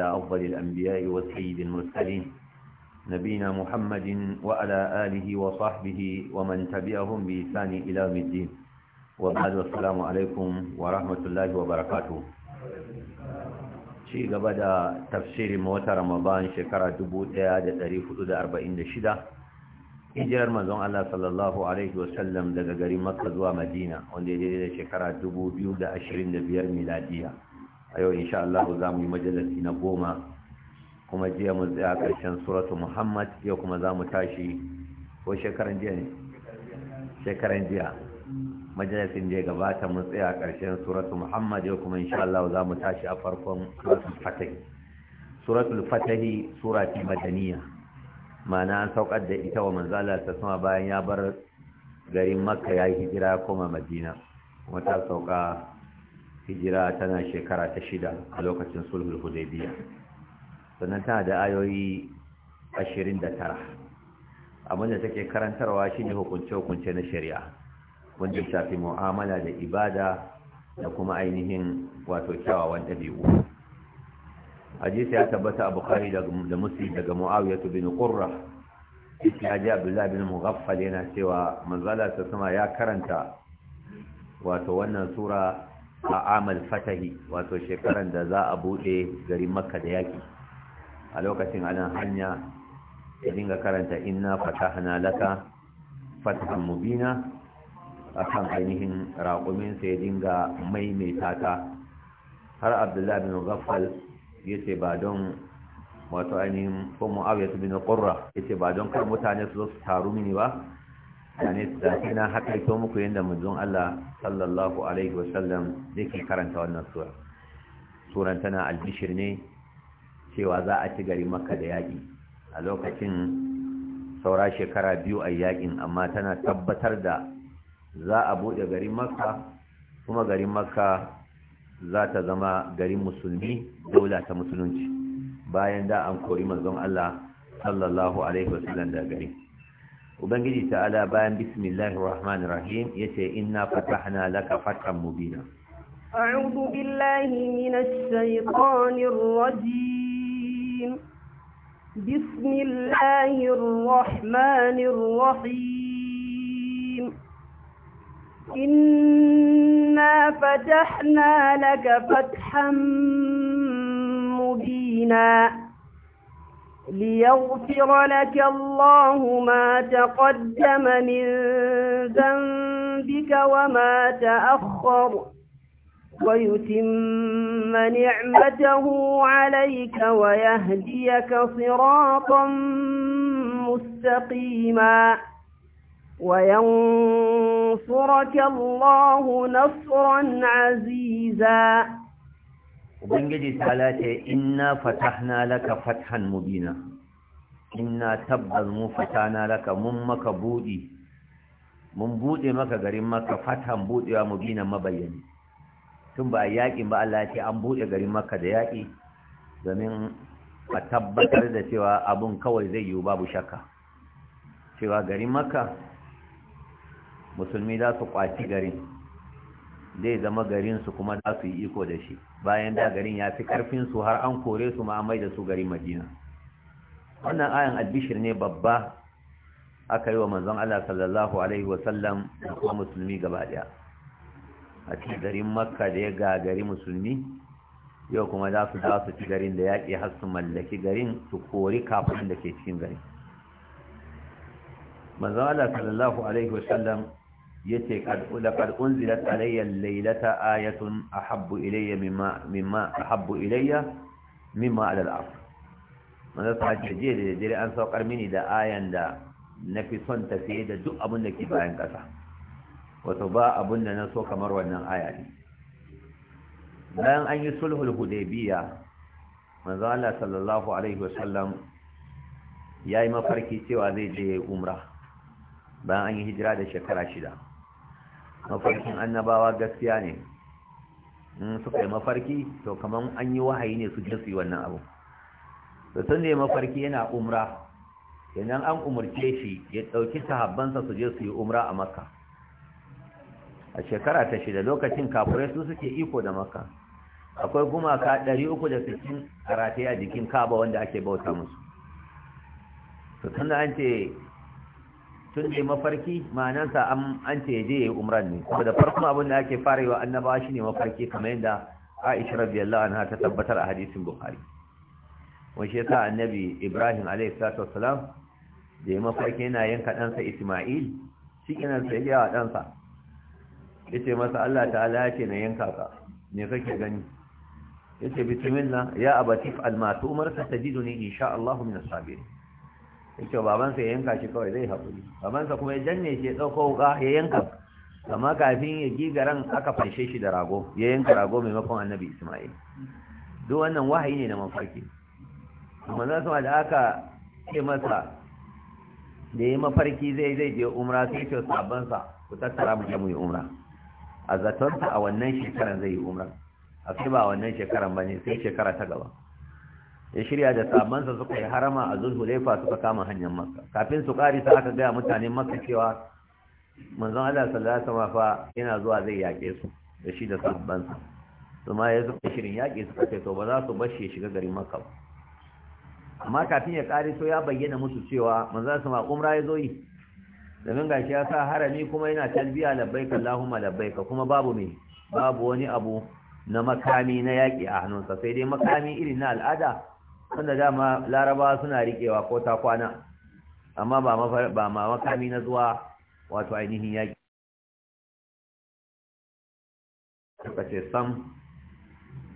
على أفضل الأنبياء والسيد المرسلين نبينا محمد وعلى آله وصحبه ومن تبعهم بإحسان إلى يوم الدين وبعد السلام عليكم ورحمة الله وبركاته شيء قبل تفسير موت رمضان شكرا دبوت هذا تاريخ 46 hijirar manzon Allah sallallahu Alaihi wasallam daga garin Makka zuwa Madina wanda ya daidai da shekara 2025 miladiya a yau insha Allah za mu yi majalisi na goma kuma jiya mun tsaya ƙarshen suratu Muhammad yau kuma za mu tashi ko shekaran jiya ne shekaran jiya majalisin da ya gabata mun tsaya ƙarshen suratu Muhammad yau kuma insha Allah za mu tashi a farkon suratul Fatih suratul Fatih sura ce madaniya ma'ana an saukar da ita wa manzala ta sama bayan ya bar garin Makka ya yi hijira koma Madina kuma ta sauka hijira tana shekara ta shida a lokacin sulhul hudaybiya sannan tana da ayoyi 29 da take karantarwa shine hukunce-hukunce na shari'a wanda shafi mu'amala da ibada da kuma ainihin wato kyawawan ɗabi'u hadisi ya tabbata a bukari da muslim daga muawiya bin qurra ya ji abdullahi bin mughaffal yana cewa manzala ta sama ya karanta wato wannan sura a amal fatahi wato shekaran da za a buɗe garin makka da yaƙi a lokacin anan hanya ya dinga karanta inna fatahna laka fatahan mubina akan ainihin raƙumin sa ya dinga maimaita ta har abdullahi bin ghaffal ce ba don wato ainihin ko mu'awiyah bin qurra ce ba don kar mutane su zo su taru mini ba yani da na hakaito muku yadda manzon Allah sallallahu alaihi wasallam yake karanta wannan sura suran tana albishir ne cewa za a ci gari makka da yaki a lokacin saura shekara biyu a yakin amma tana tabbatar da za a buɗe gari makka kuma gari makka za ta zama garin musulmi daula ta musulunci bayan da an kori manzon Allah sallallahu alaihi wasallam da gari ubangiji ta'ala bayan bismillahir rahmanir rahim yace inna fatahna laka fathan mubina a'udhu billahi minash shaitanir rajim bismillahir rahmanir rahim inna fatahna laka fathan mubina ليغفر لك الله ما تقدم من ذنبك وما تأخر ويتم نعمته عليك ويهديك صراطا مستقيما وينصرك الله نصرا عزيزا ubangiji ta lati inna fatahna laka fathan mubina inna tabbas mu fatana laka mun maka budi mun bude maka garin maka fatan budewa mubina mabayyani tun ba yakin ba Allah ce an bude garin maka da yaki domin a tabbatar da cewa abun kawai zai yiwu babu shakka cewa garin maka musulmi za su kwaci garin zai zama garinsu kuma za su yi iko da shi bayan da garin ya fi karfin su har an kore su ma mai da su garin Madina wannan ayan albishir ne babba aka yi wa manzon Allah sallallahu alaihi wa da kuma musulmi gaba daya a cikin garin Makka da ya gagari musulmi yau kuma za su su ci garin da yaƙi har su mallaki garin su kori kafin da ke cikin garin manzon Allah sallallahu alaihi wa yace kad laqad unzilat alayya laylata ayatun ahabbu ilayya mimma mimma ahabbu ilayya mimma ala al-ard manzo ta je da dare an saukar mini da ayan da na fi son tafiye da duk abin da ke bayan ƙasa. wato ba abin da na so kamar wannan aya ne bayan an yi sulhul hudaybiya manzo Allah sallallahu alaihi wa wasallam yayi mafarki cewa zai je umra bayan an yi hijira da shekara shida mafarkin annabawa gaskiya ne in suka yi mafarki to kamar an yi wahayi ne su wannan abu to sun ne mafarki yana umra yanzu an umarce shi ya ɗauki sahabbansa su je su yi umra a makka a shekara ta shida lokacin kafurai su suke iko da makka akwai gumaka ɗari uku da a rataye a jikin kaba wanda ake bauta musu to tun an ce tun da mafarki ma'anansa an ce je ya yi umran ne saboda farkon abin da ake farewa shi shine mafarki kamar yadda Aisha radiyallahu anha ta tabbatar a hadisin Bukhari wani shi yasa annabi Ibrahim alaihi salatu da ya mafarki yana yanka ɗansa Isma'il shi kenan sai ya wa ɗansa yace masa Allah ta'ala ya ce na yanka ka me kake gani yace bismillah ya abati al ma tu'mar satajiduni insha allahu min as-sabirin yake babansa ya yanka shi kawai zai haƙuri babansa kuma ya janne shi ya ɗauko wuƙa ya yanka amma kafin ya giga ran aka fanshe shi da rago ya yanka rago maimakon annabi isma'il duk wannan wahayi ne na mafarki kuma za su da aka ce masa da ya mafarki zai zai je umra sai ce sabansa ku tattara mu je mu yi umra a zatonsa a wannan shekaran zai yi umra a ba wannan shekaran ba ne sai shekara ta gaba ya shirya da sabansa suka yi harama a laifa suka kama hanyar makka kafin su karisa aka gaya mutane makka cewa manzon Allah sallallahu alaihi wasallam fa yana zuwa zai yake su da shi da sahabbansa ma ya suka shirin yaƙe suka ce to ba za su bashi ya shiga garin makka ba amma kafin ya kariso ya bayyana musu cewa manzon sama umra ya zo yi domin gashi ya sa harami kuma yana talbiya labbaika allahumma labbaika kuma babu me babu wani abu na makami na yaƙi a hannunsa sai dai makami irin na al'ada wanda dama larabawa suna riƙewa ko ta kwana amma ba ma makami na zuwa wato ainihin yaƙi suka ce sam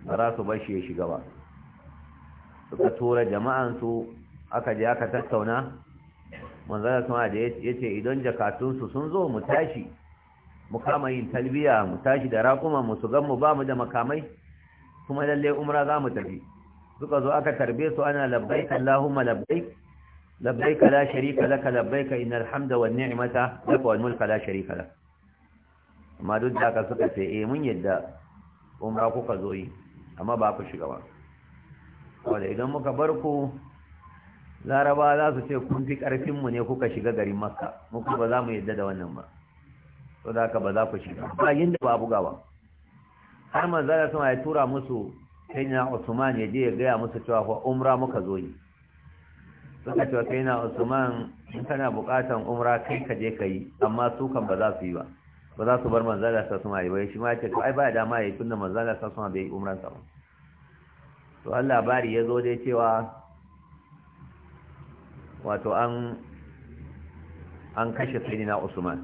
ba za su bashi ya shiga ba suka tura jama'ansu aka je aka tattauna manzana suna da ya ce idan jakatunsu sun zo mu tashi mu kama yin talbiya mu tashi da raƙuma mu su gan mu ba mu da makamai kuma lalle umra za mu tafi suka zo aka tarbe su ana labbaik Allahumma labbaik labbaik la sharika laka labbaik innal hamda wan ni'mata laka wal mulka la sharika lak amma duk da aka suka ce eh mun yadda umra kuka zo yi amma ba ku shiga ba wanda idan muka bar ku laraba za su ce kun fi karfin mu ne kuka shiga garin makka muku ba za mu yadda da wannan ba to da haka ba za ku shiga ba yinda ba bugawa har manzara sama ya tura musu sai na Usman ya je ya gaya musu cewa fa umra muka zo yi suka cewa kai na Usman in kana bukatan umra kai ka je kai amma su kan ba za su yi ba ba za su bar manzala sa suma yi ba shi ma ya ce to ai ba dama yi tunda manzala sa suma bai umran sa ba to Allah bari ya zo dai cewa wato an an kashe sayyidina Usman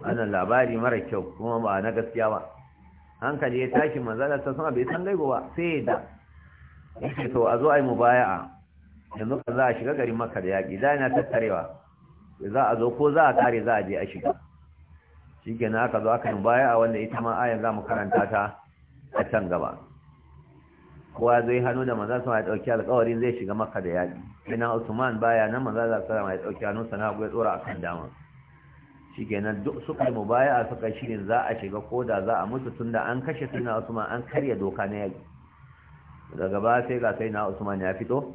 wannan labari mara kyau kuma ba na gaskiya ba hankali ya tashi manzala ta sama bai san gaibu ba sai ya da ce to a zo a yi mubaya'a yanzu ka za a shiga garin maka da yaƙi da yana tattarewa za a zo ko za a kare za a je a shiga shi ke na aka zo aka yi mubaya'a wanda ita ma ayan za mu karanta ta a can gaba kowa zai hannu da manzan sama ya ɗauki alƙawarin zai shiga maka da yaƙi ina usman baya nan manzan sama ya ɗauki hannu sana ya tsora a kan damar shi kenan duk suka mu baya suka shirin za a shiga ko da za a mutu tunda an kashe sai na usman an karya doka na yaki daga ba sai ga sai na usman ya fito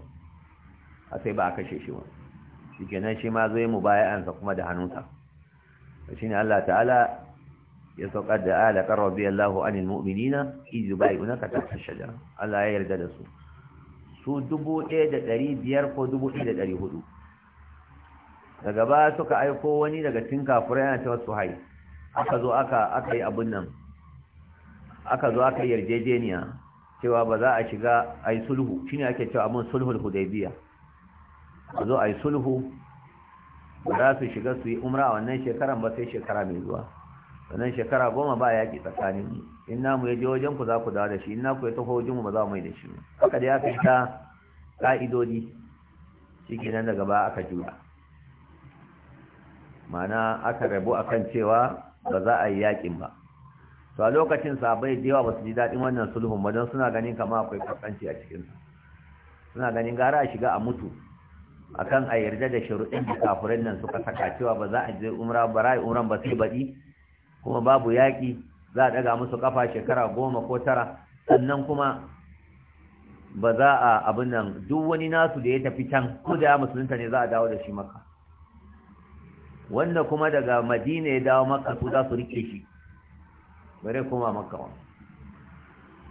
a sai ba a kashe shi ba shi shi ma zai mu baya kuma da hannunsa shi ne Allah ta'ala ya saukar da ala kan rabbi Allahu anil mu'minina izu bai una ka tafi shajara Allah ya yarda da su su dubu ɗaya da ɗari biyar ko dubu ɗaya da ɗari hudu daga ba suka aiko wani daga cikin kafirai yana cewa su hai aka zo aka aka yi abun nan aka zo aka yarjejeniya cewa ba za a shiga a yi sulhu shine ake cewa abin sulhul hudaybiya a zo a yi sulhu za su shiga su yi umra a wannan shekaran ba sai shekara mai zuwa wannan shekara goma ba yaƙi tsakanin in namu ya je wajen ku za ku dawo da shi in na ku ya taho wajen mu ba za mu mai da shi ba? haka dai aka ta ka'idodi shi kenan daga ba aka jura mana aka rabu akan cewa ba za a yi yaƙin ba to a lokacin sabai da yawa ba su ji daɗin wannan sulhun ba don suna ganin kama akwai kasance a cikinsa suna ganin gara a shiga a mutu akan a yarda da sharuɗin da kafirin nan suka saka cewa ba za a je umra ba rai umran ba sai baɗi kuma babu yaƙi za a ɗaga musu kafa shekara goma ko tara sannan kuma ba za a abin nan duk wani nasu da ya tafi can ko da ya musulunta ne za a dawo da shi maka wanda kuma daga madina ya dawo maka su za su rike shi bare kuma maka wa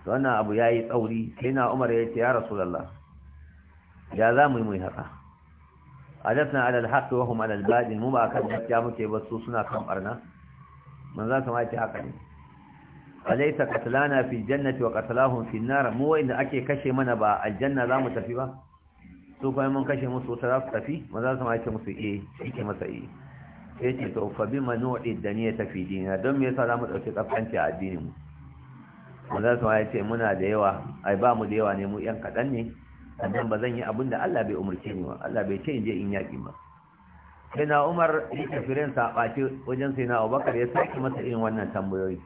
wannan abu ya yi tsauri sai na umar ya ce ya rasulallah ya za mu yi mai haka adafna alal haqqi wa hum adal batil mu ba kan ya muke ba su suna kan barna Mun kuma ya ce haka ne alaysa qatlana fi jannati wa qatlahum fi nar mu wanda ake kashe mana ba aljanna za mu tafi ba su kuma mun kashe musu ta za su tafi Mun kuma ya ce musu eh ke masa eh ya ce to fa bi manu'i daniya ta fi dinina don me yasa zamu dauke tsakanci a addinin mu mun zasu ya ce muna da yawa ai ba mu da yawa ne mu yan kadan ne sannan ba zan yi abinda Allah bai umurce ni ba Allah bai ce in je in yaki ba sai na Umar ya kafirin sa bace wajen sai na Abubakar ya saki masa irin wannan tambayoyi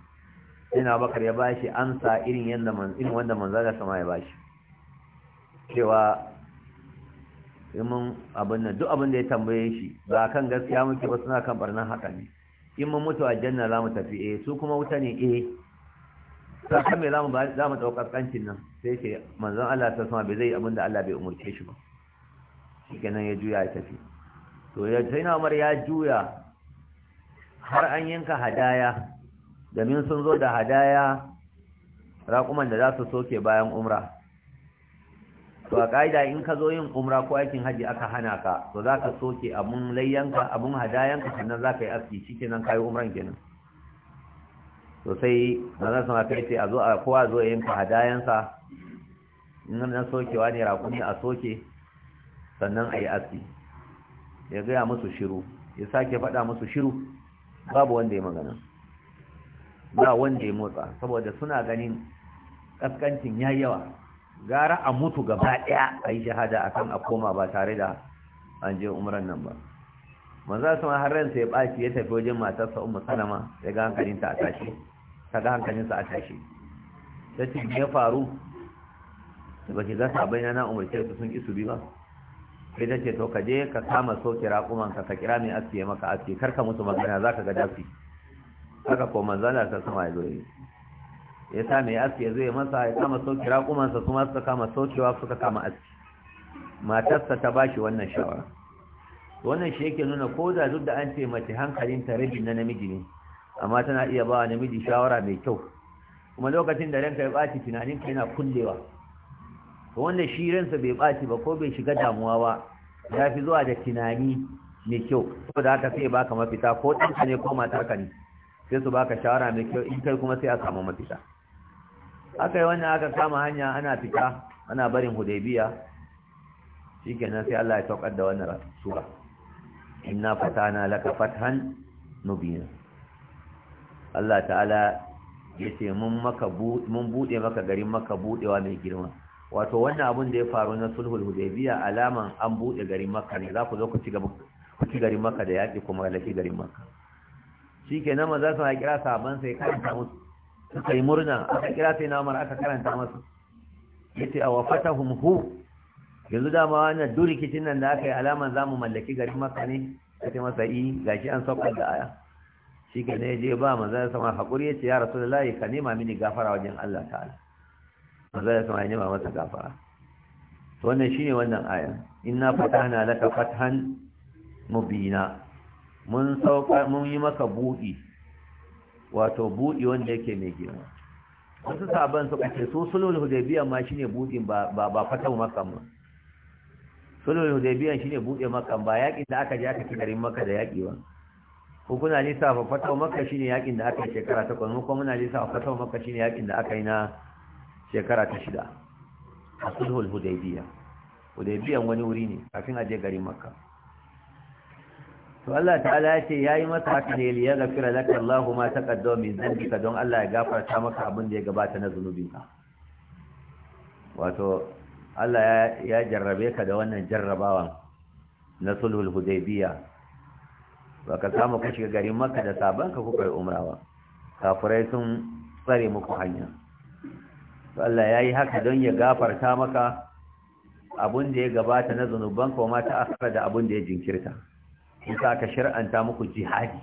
sai na Abubakar ya bashi amsa irin yanda man irin wanda manzo da sama ya bashi cewa in abin nan duk abin da ya tambaye shi ba kan gaskiya muke ba suna kan barnan haka ne in mun mutu a janna za mu tafi eh su kuma wuta ne eh sakan me za mu za mu ɗaukar kancin nan sai ce manzon Allah ta sama bai zai abin da Allah bai umurce shi ba kenan ya juya ya tafi to ya na Umar ya juya har an yanka hadaya domin sun zo da hadaya raƙuman da za su soke bayan umra to a ƙa'ida in ka zo yin umra ko aikin haji aka hana ka to za ka soke abun layyanka abun hadayanka sannan za ka yi aski cike nan yi umran kenan to sai zan sama ta ce a zo a kowa zo yin yanka hadayansa in na sokewa ne rakumi a soke sannan a yi aski ya gaya musu shiru ya sake faɗa musu shiru babu wanda ya magana ba wanda ya motsa saboda suna ganin ƙasƙancin ya yawa gara a mutu gaba ɗaya a yi shahada akan a koma ba tare da an je umran nan ba manzo ma har ransa ya ɓaci ya tafi wajen matarsa ummu salama ya ga hankalinta a tashi ta ga hankalinsa a tashi ta ce ya faru da baki za ta bayyana na umarci sun isu bi ba sai ta ce to ka je ka kama soke raƙuman ka ka kira mai aski ya maka aski kar ka mutu magana za ka ga dafi haka ko manzo na ta sama ya zo yi ya sa mai aski ya zo ya masa ya kama sauki raƙumansa kuma suka kama saukewa suka kama aski matarsa ta bashi wannan shawara wannan shi yake nuna ko da duk da an ce mace hankalinta rabi na namiji ne amma tana iya ba namiji shawara mai kyau kuma lokacin da ranka ya ɓaci tunaninka yana kullewa wanda shi ransa bai ɓaci ba ko bai shiga damuwa ba ya fi zuwa da tunani mai kyau ko da haka sai baka mafita ko ɗanka ne ko matarka ne sai su baka shawara mai kyau in kai kuma sai a samu mafita aka yi wannan aka kama hanya ana fita ana barin hudaybiya nan sai Allah ya saukar da wannan sura inna fatana laka fathan mubina Allah ta'ala ya ce mun bude maka garin maka buɗewa mai girma wato wannan abun da ya faru na sulhul hudaibiya alaman an bude garin maka ne za ku zo ku ci garin maka da yaƙi, kuma lafi garin maka. makka shikenan maza sun haƙira sabon sai karanta musu suka yi murna aka kira sai na mara aka karanta masu ya ce a wafata humhu. yanzu dama wani duri kicin nan da aka yi za zamu mallaki garin maka ne ce masa yi eh, gashi an saukar da aya shi ke ne je ba manzo ya sama hakuri yace ya rasu layi ka nema mini gafara wajen Allah ta'ala manzo ya sama ya nema masa gafara wannan shi ne wannan aya inna fatahna laka fathan mubina mun sauka mun yi maka buɗi wato buɗi wanda yake mai girma wasu sabon suka ce su sulhul hudaybiyya ma shine buɗi, ba ba fata makan ba sulhul hudaybiyya shine buɗe makan ba yakin da aka je aka ci garin maka da yaki ba ko kuna lissafa fatan makka shine yakin da aka yi shekara ta kwanu kuma muna lissafa fatan makka shine yakin da aka yi na shekara ta shida a sulhul hudaybiyya hudaybiyan wani wuri ne kafin a je garin maka to Allah ta'ala ya ce yayi masa haka ne liya gafira laka Allah ma taqaddama min dhanbika don Allah ya gafarta maka abin da ya gabata na zunubinka wato Allah ya jarrabe ka da wannan jarrabawan na sulhul hudaybiya ba ka samu ku shiga garin makka da ka kuka yi umrawa Kafurai sun tsare muku hanya Allah ya yi haka don ya gafarta maka abin da ya gabata na zunubanka wa mata akara da abin da ya jinkirta yasa aka shar'anta muku jihadi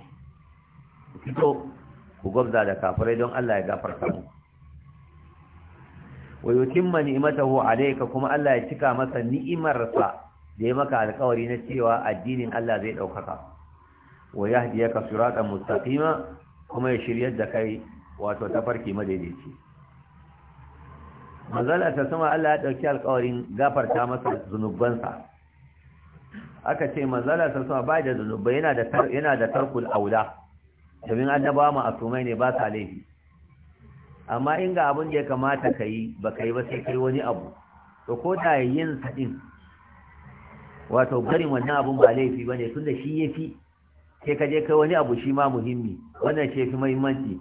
fito ku gwabza da kafirai don Allah ya gafarta mu wa yutimma ni'matahu alayka kuma Allah ya cika masa ni'imarsa da ya maka alƙawari na cewa addinin Allah zai ɗaukaka wa yahdiyaka siratan mustaqima kuma ya shirya da kai wato ta farki madaidaici manzala ta sama Allah ya ɗauki alƙawarin gafarta masa zunubansa aka ce manzala ta sama ba da zunubai yana da yana da tarkul aula domin annabawa ma asumai ne ba sa laifi amma in ga abin da ya kamata ka yi ba ka yi ba sai kai wani abu to ko da yin sa din wato garin wannan abun ba laifi bane tunda shi yafi sai ka je kai wani abu shi ma muhimmi wannan ce fi muhimmanci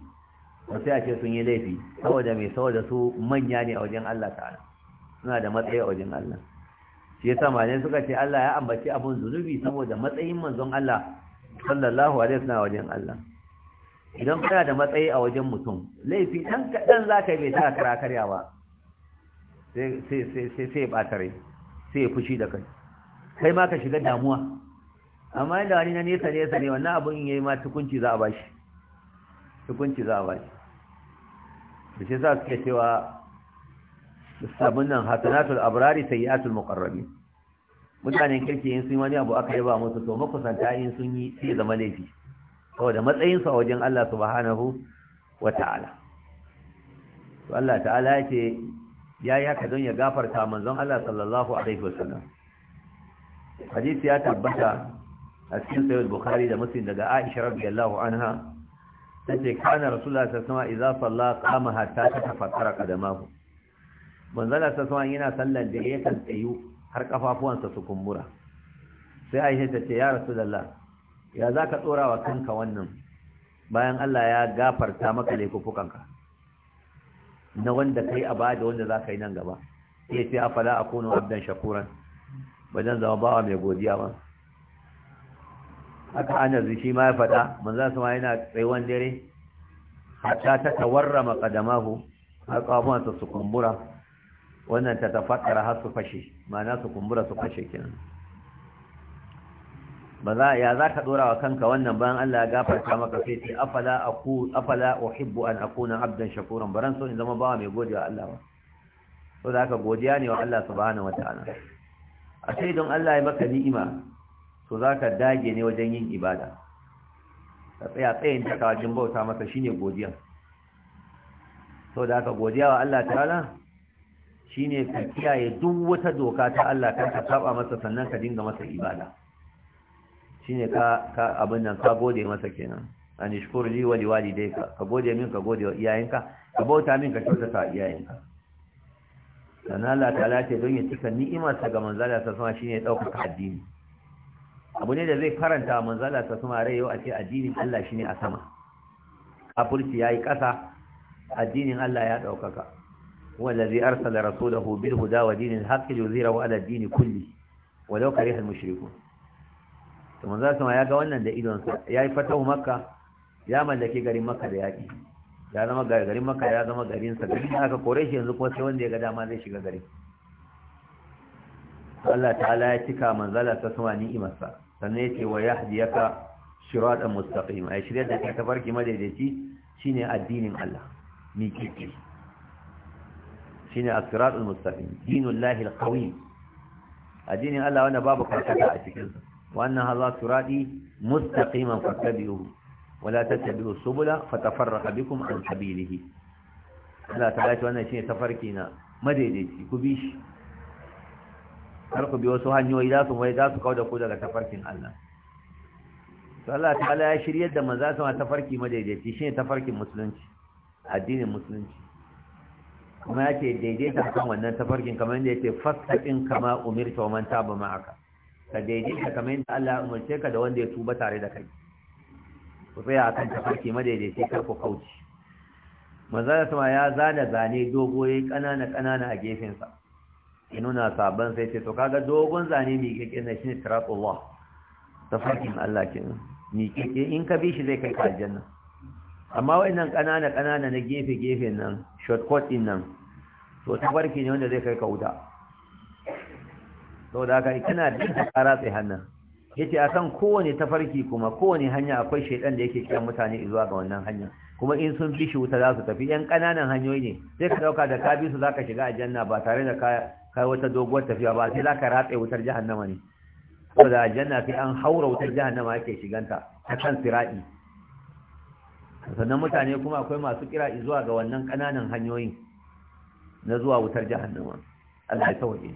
sai a ce sun yi laifi saboda mai saboda su manya ne a wajen Allah ta'ala suna da matsayi a wajen Allah shi yasa malai suka ce Allah ya ambaci abun zunubi saboda matsayin manzon Allah sallallahu alaihi wasallam wajen Allah idan kana da matsayi a wajen mutum laifi dan kadan zaka bai ta kara karya ba sai sai sai sai ba tare sai fushi da kai kai ma ka shiga damuwa amma da wani na nesa nesa ne wannan abun yayi ma tukunci za a bashi tukunci za a bashi shi yasa suke cewa abin nan hasanatul abrari sayyatul muqarrabin mutanen kirki in sun wani abu aka yaba musu to makusanta in sun yi sai zama laifi saboda matsayin su a wajen Allah subhanahu wata'ala to Allah ta'ala ya yayi haka don ya gafarta manzon Allah sallallahu alaihi wasallam hadisi ya tabbata a cikin sahih bukhari da muslim daga Aisha radhiyallahu anha tace kana rasulullah sallallahu alaihi wasallam idza salla qama hatta tafakkara qadamahu manzala ta sama yana sallar da ya kan tsayu har kafafuwansa su kumbura sai aisha ta ce ya rasulullah ya zaka tsora wa kanka wannan bayan Allah ya gafarta maka laifukanka na wanda kai a bada wanda zaka yi nan gaba sai ce a akunu abdan shakuran bazan zama bawa mai godiya ba aka anar shi ma ya faɗa manzala sama yana tsayuwan dare hatta ta tawarrama qadamahu har kafafuwansa su kumbura wannan ta tafakkara har su fashe ma'ana su kumbura su fashe kenan ba za ya za ka dora wa kanka wannan bayan Allah ya gafarta maka sai ce afala aku afala uhibbu an akuna abdan shakuran baran so in zama bawa mai godiya Allah ba so da haka godiya ne wa Allah subhanahu wataala a sai don Allah ya maka ni'ima to zaka dage ne wajen yin ibada ka tsaya tsayin ta wajen bauta masa shine godiya so da haka godiya wa Allah ta'ala Shi ne ka kiyaye duk wata doka ta Allah kan ka saba masa sannan ka dinga masa ibada Shi ne ka abin nan ka gode masa kenan an shkur li wa liwalidayka ka gode min ka gode wa iyayenka ka bauta min ka kyautata iyayenka sannan Allah ta ce don ya cika ni'imar sa ga manzala ta sama shine ya dauka addini abu ne da zai faranta manzala ta sama rai yau a ce addinin Allah shine a sama kafirci yayi kasa addinin Allah ya daukaka هو الذي أرسل رسوله بالهدى ودين الحق ليظهره على الدين كله ولو كره المشركون ثم ذا ما يا wannan da idon sa yayi fatahu makka ya mallaki garin makka da yaki ya zama garin makka ya zama garin sa garin aka kore shi yanzu kuma sai wanda ya ga dama zai shiga garin Allah ta'ala ya cika manzala ta sama ni'imarsa sannan yace wa yahdiyaka shiratan mustaqim ay shirya da ta farki madaidaici shine addinin Allah ni miƙiƙi shine as-siratul mustaqim dinullahi al addinin Allah wanda babu karkata a cikin sa wannan hadha sirati mustaqiman fattabi'uhu wala tattabi'u subula fatafarraqa bikum an sabilihi Allah ta ce wannan shine tafarki na madaidaici ku bi shi ku bi wasu hanyoyi za su mai za su kauda ku daga tafarkin Allah to Allah ta'ala ya shiryar da manzo sama tafarki madaidaici shine tafarkin musulunci addinin musulunci kuma ya ce daidaita kan wannan tafarkin kamar yadda ya ce in kama umir ta man taba aka ka daidaita kamar yadda Allah ya umarce ka da wanda ya tuba tare da kai ku tsaya akan tafarki madaidaici kar ku kauce manzara sama ya zana zane dogo yayi kanana kanana a gefen sa ya nuna sabon sai ce to kaga dogon zane mi keke ne shine tarakullah tafarkin Allah kenan mi keke in ka bi shi zai kai ka aljanna amma wayannan kanana-kanana na gefe gefe nan shortcut din nan to tabarki ne wanda zai kai ka wuta to da ka kana din ta sai hannan yace san kowane tafarki kuma kowane hanya akwai shaidan da yake kiran mutane zuwa ga wannan hanya kuma in sun bi shi wuta za su tafi yan kananan hanyoyi ne sai ka dauka da ka bi su zaka shiga a aljanna ba tare da kai wata doguwar tafiya ba sai zaka ratse wutar jahannama ne saboda aljanna sai an haura wutar jahannama yake shiganta ta kan siradi sannan mutane kuma akwai masu kira zuwa ga wannan kananan hanyoyin na zuwa wutar jahannama Allah ya sauke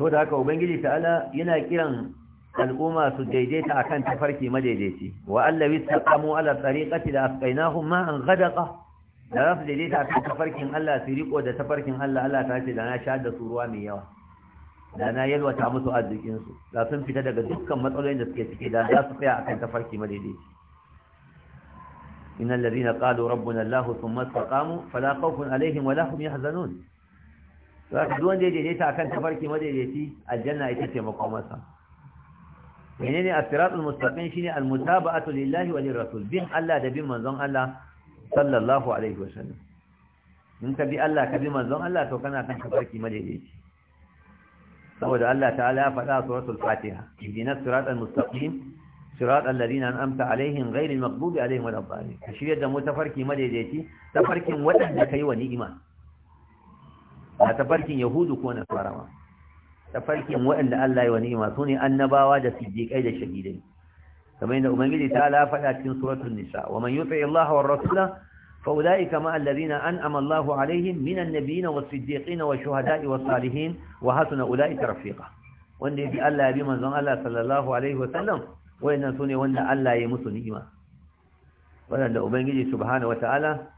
so da haka ubangiji ta'ala yana kiran al'umma su daidaita akan tafarki madaidaici wa allawi taqamu ala tariqati la asqainahum an ghadqa da su daidaita akan tafarkin Allah su riko da tafarkin Allah Allah ta ce da na sha da su ruwa mai yawa da na yalwata musu arzikinsu da sun fita daga dukkan matsalolin da suke cike da za su tsaya akan tafarki madaidaici innal ladina qalu rabbuna allah thumma istaqamu fala khawfun alaihim wala hum yahzanun to duk wanda ya daidaita akan tafarki madaidaici aljanna ita ce masa. menene as-siratul mustaqim shine al-mutaba'atu lillahi wa lirrasul bin Allah da bin manzon Allah sallallahu alaihi wasallam in ka bi Allah ka bi manzon Allah to kana kan tafarki madaidaici saboda Allah ta'ala ya faɗa suratul fatiha ihdinas siratal mustaqim siratal ladina an'amta alaihim ghairil maghdubi alaihim waladdallin ka shirya da mu tafarki madaidaici tafarkin wadanda kai wa ni'ima ba tafarkin yahudu ko nasara ba tafarkin wadanda Allah ya wa ni'ima sune annabawa da siddiqai da shahidai kamar yadda ubangiji ta'ala ya faɗa cikin suratul nisa wa man yuti Allah wa rasula فأولئك مع الذين أنعم الله عليهم من النبيين والصديقين والشهداء والصالحين وحسن أولئك رفيقا wanda ya bi Allah ya bi manzon Allah sallallahu wayannan sune wanda Allah ya musu ni'ima wanda ubangiji subhanahu wataala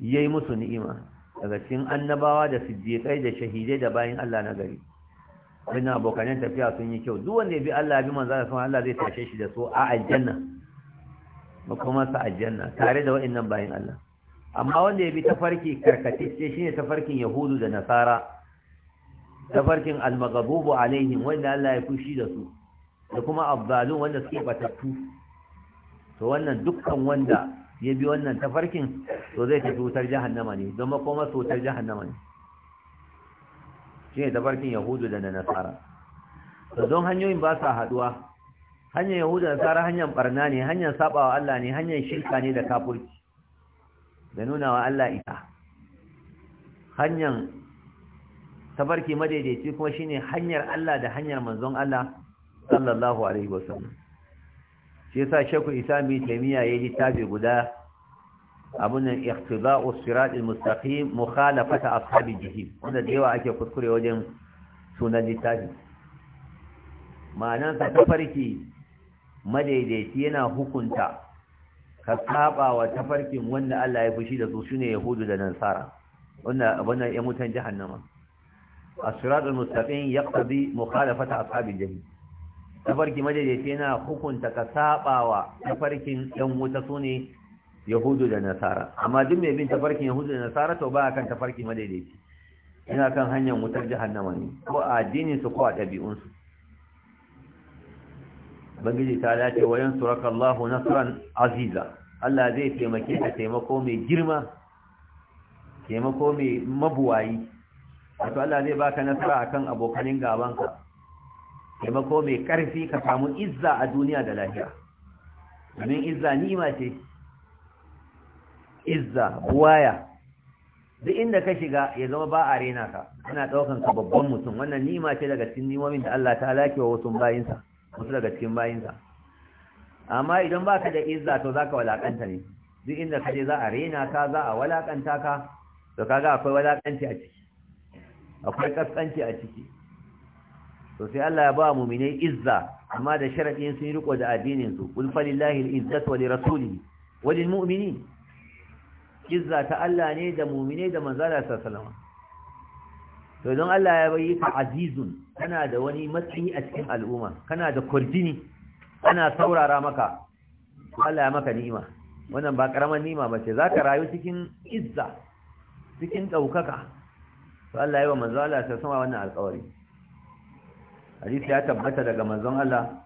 yayi musu ni'ima daga annabawa da siddiqai da shahidai da bayin Allah na gari wannan abokan tafiya sun yi kyau duk wanda ya bi Allah ya bi manzon Allah Allah zai tashe shi da su a aljanna kuma tare da wayannan bayin Allah amma wanda ya bi ta farki karkatacce shine farkin yahudu da nasara ta tafarkin almagabubu alaihim wanda Allah ya fushi da su da kuma abdalun wanda suke batattu to wannan dukkan wanda ya bi wannan ta farkin to zai tafi wutar jahannama ne don makoma su wutar jahannama ne shine farkin yahudu da nasara to don hanyoyin ba sa haduwa hanyar yahudu da nasara hanyar barna ne hanyar sabawa Allah ne hanyar shirka ne da kafirci da nuna wa Allah ita hanyar tabarki madaidaici kuma shine hanyar Allah da hanyar manzon Allah sallallahu alaihi wasallam shi yasa shaku isa mai yayi littafi guda abun ikhtiba'u siratil mustaqim mukhalafata ashabi jiki, wanda da yawa ake kuskure wajen sunan littafi ma'anar tafarki madaidaici yana hukunta ka saba wa tafarkin wanda Allah ya fushi da su shine yahudu da nasara wannan wannan ya mutan jahannama as-siratul mustaqim yaqtadi mukhalafata ashabil jahim tafarki madaidaici yana hukunta ka saba wa tafarkin yan wuta sune yahudu da nasara amma duk mai bin tafarkin yahudu da nasara to ba kan tafarki madaidaici ina kan hanyar wutar jahannama ne ko a addinin su ko a ɗabi'unsu bangiji ta dace wa suraka Allahu nasran aziza Allah zai taimake ka taimako mai girma taimako mai mabuwayi wato Allah zai baka nasara akan abokanin gabanka taimako mai karfi ka samu izza a duniya da lahira domin izza ni'ima ce izza buwaya. duk inda ka shiga ya zama ba a rena ka kana daukan ka babban mutum wannan ni'ima ce daga cikin ni'imomin da Allah ta halake wa wasu bayinsa wasu daga cikin bayinsa amma idan ba ka da izza to za ka walaƙanta ne duk inda ka je za a rena ka za a walaƙanta ka to kaga akwai walaƙanci a ciki akwai ƙasƙanci a ciki to sai Allah ya ba mu'minai izza amma da sharaɗin sun riƙo da addininsu, su kul falillahi al-izzatu wa lirasulihi wa lilmu'minin izza ta Allah ne da mu'minai da manzala sallallahu alaihi wasallam to don Allah ya bayi ka azizun kana da wani matsayi a cikin al'umma kana da kurjini ana saurara maka Allah ya maka ni'ima wannan ba karaman ni'ima ba ce zaka rayu cikin izza cikin daukaka to Allah ya yi wa manzo Allah ta sama wannan alƙawari hadisi ya tabbata daga manzon Allah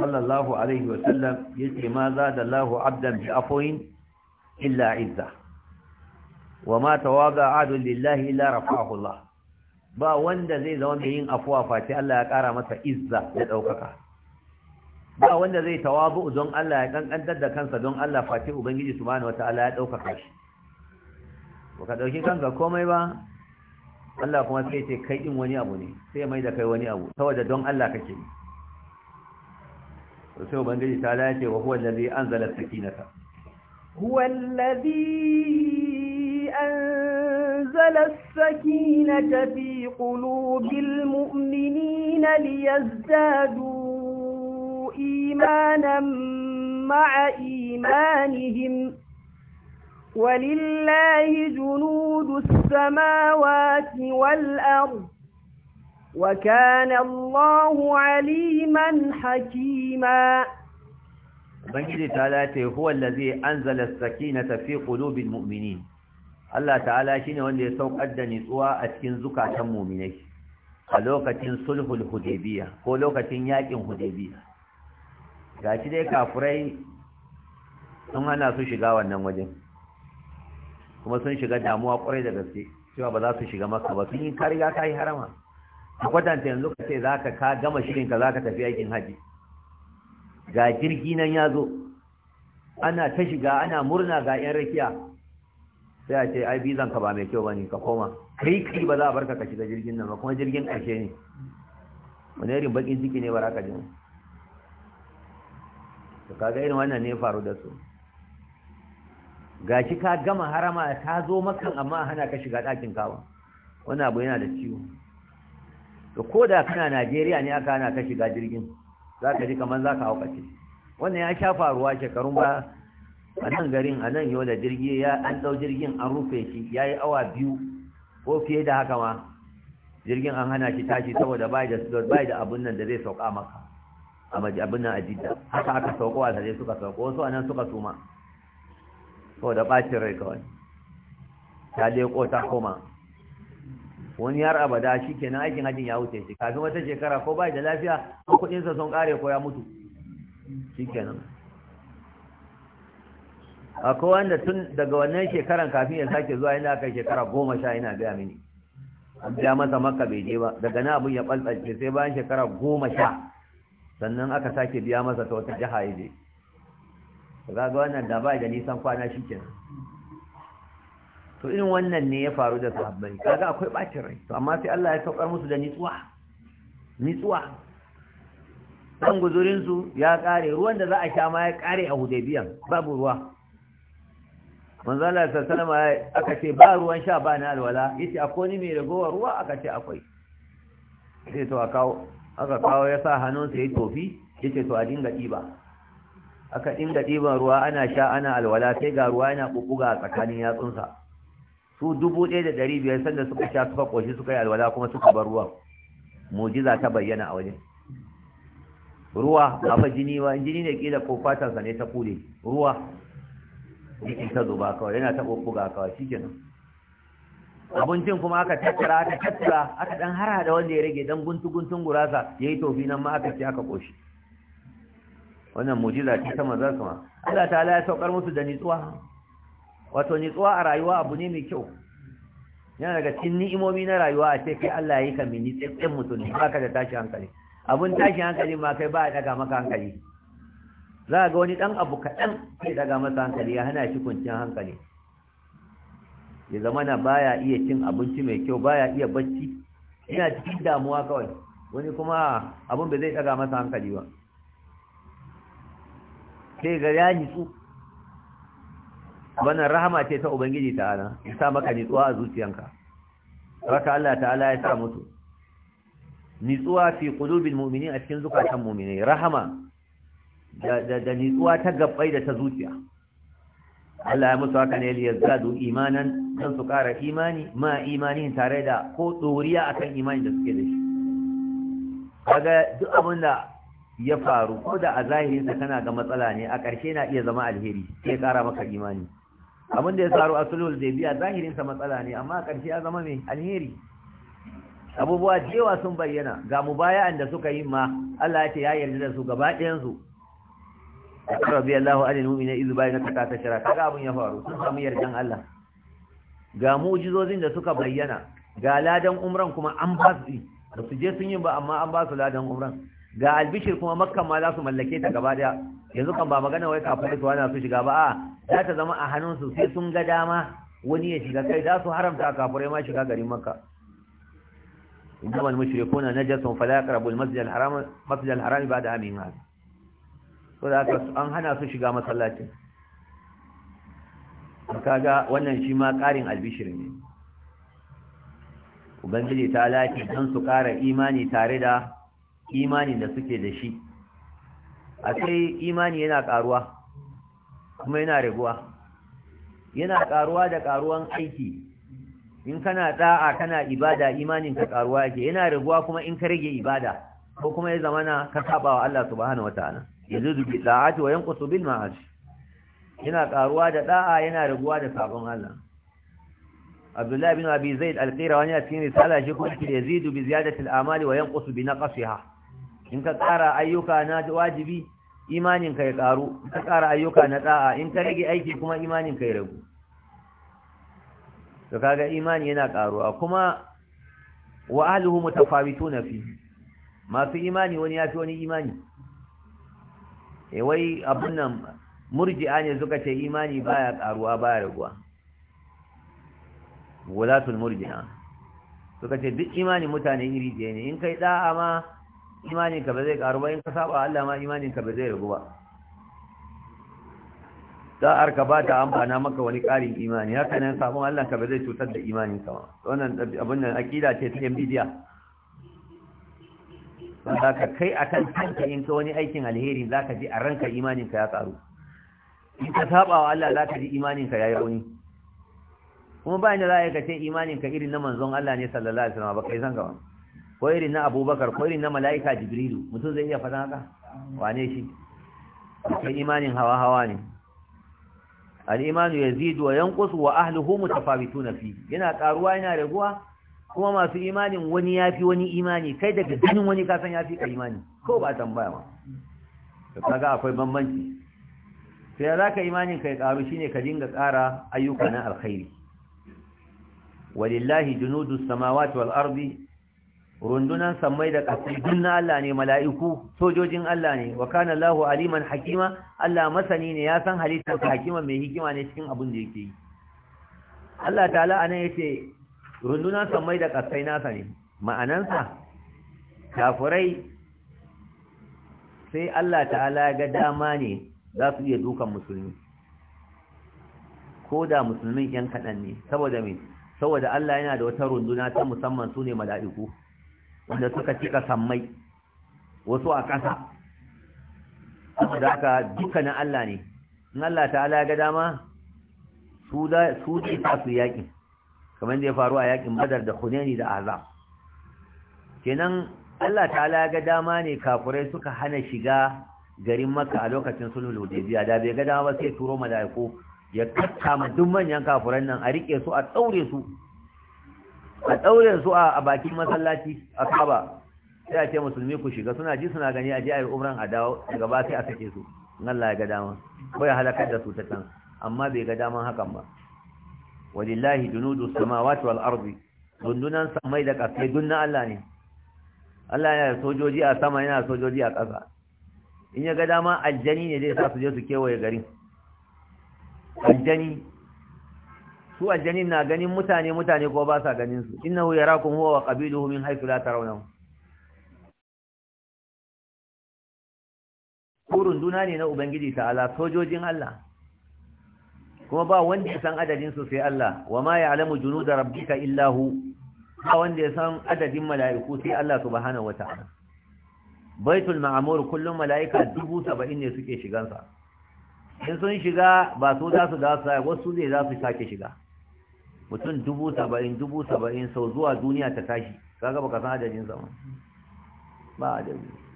sallallahu alaihi wa sallam yace ma zada Allahu abdan bi afwin illa izza wa ma tawada adu lillahi illa rafa'ahu Allah ba wanda zai zama mai yin afuwa face Allah ya ƙara masa izza da ɗaukaka ba wanda zai tawabu don Allah ya ƙanƙantar da kansa don Allah face Ubangiji subhanahu wata'ala ya ɗaukaka shi ba ka ɗauki kanka komai ba Allah kuma sai ce kai in wani abu ne sai mai da kai wani abu saboda don Allah kake to sai Ubangiji ta lace wa huwa allazi anzala sakinata huwa allazi an أنزل السكينة في قلوب المؤمنين ليزدادوا إيمانا مع إيمانهم ولله جنود السماوات والأرض وكان الله عليما حكيما بنجد تعالى هو الذي أنزل السكينة في قلوب المؤمنين Allah ta'ala shine wanda ya saukar da nitsuwa a cikin zukatan mu'minai a lokacin sulhul hudaybiya ko lokacin yakin Ga shi dai kafurai sun hana su shiga wannan wajen kuma sun shiga damuwa kwarai da gaske cewa ba za su shiga maka ba sun yi kariya ka yi harama a kwatanta yanzu ka ce za ka gama shirinka za ka tafi aikin haji ga jirgi nan ya zo ana ta shiga ana murna ga 'yan rakiya sai a ce ai bizan ka ba mai kyau bane ka koma kai kai ba za a barka ka shiga jirgin nan ba kuma jirgin ƙarshe ne wani irin bakin ciki ne ba za ka ji to kaga irin wannan ne faru da su gashi ka gama harama ka zo makan amma hana ka shiga ɗakin kawa wani abu yana da ciwo to ko da kana najeriya ne aka hana ka shiga jirgin za ka ji kamar za ka hau haukace wannan ya sha faruwa shekarun ba a nan garin a nan yau da jirgi ya an ɗau jirgin an rufe shi ya yi awa biyu ko fiye da haka ma jirgin an hana shi tashi saboda bai da slot bai da abun nan da zai sauka maka a abun nan a jidda haka aka sauko wasa zai suka sauko wasu anan suka suma saboda ɓacin rai kawai ta leko ta koma wani yar abada shi kenan aikin hajjin ya wuce shi kafin wata shekara ko bai da lafiya ko kuɗinsa sun ƙare ko ya mutu shi kenan akwai wanda tun daga wannan shekaran kafin ya sake zuwa yana kai shekara goma sha yana gaya mini an biya masa maka bai je ba daga na abin ya ɓalɓalce sai bayan shekara goma sha sannan aka sake biya masa ta wata jiha ya je ga wannan da ba da nisan kwana shi kenan to irin wannan ne ya faru da sahabbai kaga akwai bacin rai to amma sai Allah ya saukar musu da nitsuwa nitsuwa dan guzurin su ya kare ruwan da za a sha ma ya kare a Hudaybiyan babu ruwa manzala sallama salama aka ce ba ruwan sha ba na alwala yace akwai ni mai ragowar ruwa aka ce akwai sai to aka aka kawo ya sa hannun ya tofi yace to a dinga diba aka dinga diban ruwa ana sha ana alwala sai ga ruwa yana bubuga a tsakanin yatsunsa su dubu ɗaya da sanda suka sha suka ƙoshi suka yi alwala kuma suka bar ruwan mujiza ta bayyana a wajen ruwa ba jini ba jini ne kila ko fatansa ne ta kule ruwa jikin ta zuba kawai yana ta bubbuga kawai shikenan abincin kuma aka tattara aka tattara aka dan harada wanda ya rage dan guntu guntun gurasa yayi tofi nan ma aka ce aka koshi wannan mujiza ce ta maza kuma Allah ta'ala ya saukar musu da nitsuwa wato nitsuwa a rayuwa abu ne mai kyau yana daga cikin ni'imomi na rayuwa a ce kai Allah ya yi ka mini tsitsin mutum ka da tashi hankali abun tashi hankali ma kai ba a daga maka hankali za ga wani ɗan abu kaɗan sai daga masa hankali ya hana shi kwanciyar hankali ya zamana baya iya cin abinci mai kyau baya iya bacci ina cikin damuwa kawai wani kuma abin da zai daga masa hankali ba sai ga ya nitsu wannan rahama ce ta ubangiji ta'ala ya sa maka nitsuwa a zuciyanka raka Allah ta'ala ya sa mutu nitsuwa fi qulubil mu'minin a cikin zukatan mu'minai rahama da nitsuwa ta gabbai da ta zuciya Allah ya musu haka ne zadu imanan don su ƙara imani ma imani tare da ko a akan imani da suke da shi kaga duk abin da ya faru ko da a zahirinsa kana ga matsala ne a ƙarshe na iya zama alheri sai ƙara maka imani abin da ya faru a sulhul biya zahirinsa matsala ne amma a ƙarshe ya zama mai alheri abubuwa da yawa sun bayyana ga mubaya'an da suka yi ma Allah ya ce ya yarda da su gaba su rabbi Allahu alil mu'mina idh bayyana takata ta shara kaga abun ya faru sun samu yardan Allah ga mu'jizozin da suka bayyana ga ladan umran kuma an ba su ba su je sun yi ba amma an ba ladan umran ga albishir kuma makkan ma za su mallake ta gaba daya yanzu kan ba magana wai kafin su wani su shiga ba a za ta zama a hannun su sai sun ga dama wani ya shiga kai za su haramta kafirai ma shiga garin makka إنما المشركون نجس فلا يقربوا المسجد الحرام مسجد الحرام بعد amin هذا so da aka an hana su shiga masallacin kaga wannan shi ma ƙarin albishirin ne ubangiji ta laki don su ƙara imani tare da imanin da suke da shi a sai imani yana ƙaruwa kuma yana raguwa yana ƙaruwa da ƙaruwan aiki in kana da'a kana ibada imanin ka ƙaruwa yake yana raguwa kuma in ka rage ibada ko kuma ya zamana ka saba wa Allah subhanahu wataala yajuzu bi da'ati wa yanqusu bil ma'aji? yana karuwa da da'a yana raguwa da sabon Allah Abdullahi bin Abi Zaid al wani a cikin risala shi kuma ke zai bi ziyadati al-amali wa yanqusu bi naqsiha in ka kara ayyuka na wajibi imanin ka ya karu ka kara ayyuka na da'a in ka rage aiki kuma imanin ka ya ragu to kaga imani yana karuwa kuma wa ahluhu mutafawituna fi masu imani wani ya fi wani imani e wai abun nan murji'a ne suka ce imani baya karuwa baya raguwa wulatul murji'a suka ce duk imani mutane iri je ne in kai da'a ma imanin ka ba zai karu ba in ka saba Allah ma imanin ka ba zai ragu ba da'ar ka ba ta amfana maka wani ƙarin imani haka nan sabon Allah ka ba zai cutar da imanin ka ba wannan abin nan akida ce ta yan bidiya za ka kai a kan kanka in ka wani aikin alheri za ka ji a ranka imaninka ya karu in ka saba wa Allah za ka ji imaninka ya yi rauni kuma ba ni za a ka ce imaninka irin na manzon Allah ne sallallahu alaihi wasallam ba kai san gaba ko irin na Abubakar ko irin na mala'ika Jibrilu mutum zai iya faɗa haka wane shi kai imanin hawa hawa ne al-imanu yazidu wa yanqusu wa ahluhu mutafawituna fi yana karuwa yana raguwa kuma masu imanin wani ya fi wani imani kai daga ganin wani kasan ya fi ka imani ko ba tambaya ma da kaga akwai bambanci sai ya ka imanin kai karu shine ka dinga kara ayyuka na alkhairi walillahi junudu samawati wal ardi rundunan samai da kasai dunna Allah ne mala'iku sojojin Allah ne wa kana Allahu aliman hakima Allah masani ne ya san halittar hakima mai hikima ne cikin abin da yake yi Allah ta'ala anan yace rundunar samai da ƙasai nasa ne ma'anansa kafurai sai Allah ta'ala ga dama ne za su iya dukan musulmi ko da musulmin yan kaɗan ne saboda mai saboda Allah yana da wata runduna ta musamman su ne mala'iku wanda suka cika sammai wasu a ƙasa saboda duka dukkanin Allah ne in Allah ta'ala ga dama su da su su kamar da ya faru a yakin badar da hunaini da aza kenan Allah ta'ala ga dama ne kafurai suka hana shiga garin maka a lokacin sulhul hudaybiya da bai ga dama ba sai turo malaiku ya ma duk manyan kafuran nan a rike su a tsaure su a tsaure su a bakin masallaci a kaba sai a ce musulmi ku shiga suna ji suna gani a ji ayi umran a dawo daga ba sai a sake su in Allah ya ga dama ko ya halakar da su ta can amma bai ga dama hakan ba walillahi junudu samawati wal ardi dundunan samai da kasai dunna Allah ne Allah ya da sojoji a sama yana da sojoji a ƙasa in ya ga dama aljani ne zai sa su je su kewaye garin aljani su aljanin na ganin mutane mutane ko ba sa ganin su innahu yarakum huwa wa qabiluhu min haythu la tarawnahu kurun duna ne na ubangiji ta'ala sojojin Allah kuma ba wanda ya san adadin su sai Allah wa ma ya'lamu junuda rabbika illa hu ba wanda ya san adadin mala'iku sai Allah subhanahu wata'ala baitul ma'mur kullum mala'ika 70 ne suke shigan sa in sun shiga ba su za su da su wasu ne za su sake shiga mutum 70 70 sau zuwa duniya ta tashi kaga baka san adadin zaman ba adadin